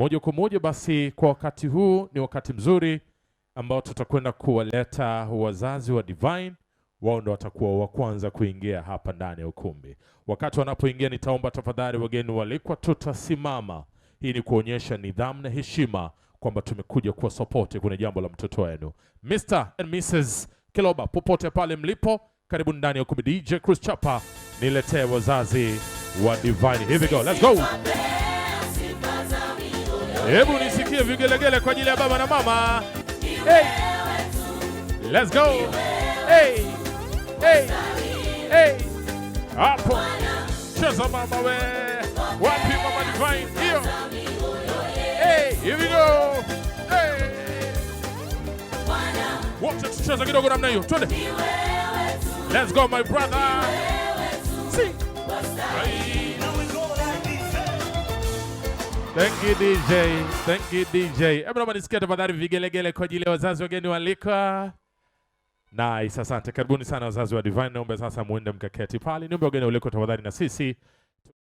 moja kwa moja. Basi kwa wakati huu ni wakati mzuri ambao tutakwenda kuwaleta wazazi wa Divine, wao ndo watakuwa wa kwanza kuingia hapa ndani ya ukumbi. Wakati wanapoingia, nitaomba tafadhali wageni walikwa tutasimama. Hii ni kuonyesha nidhamu na heshima kwamba tumekuja kuwa support kwenye jambo la mtoto wenu. Mr and Mrs Kiloba, popote pale mlipo, karibu ndani ya ukumbi. DJ Chris Chapa, niletee wazazi wa Divine. Here we go. Let's go. Hebu nisikie vigelegele kwa ajili ya baba na mama. Hey. Let's go. Hey. Hey. Hey. Hapo. Cheza mama we. Wapi mama divine? Hiyo. Hey, here we go. Hey. Wacha tucheza kidogo namna hiyo. Twende. Let's go my brother. See. Thank you DJ. Thank you DJ. Hebu naomba nisikia tafadhali vigelegele kwa ajili ya wazazi wageni walika. Nice, asante. Karibuni sana wazazi wa Divine. Naomba sasa muende mkaketi pale. Niombe wageni waliko tafadhali na sisi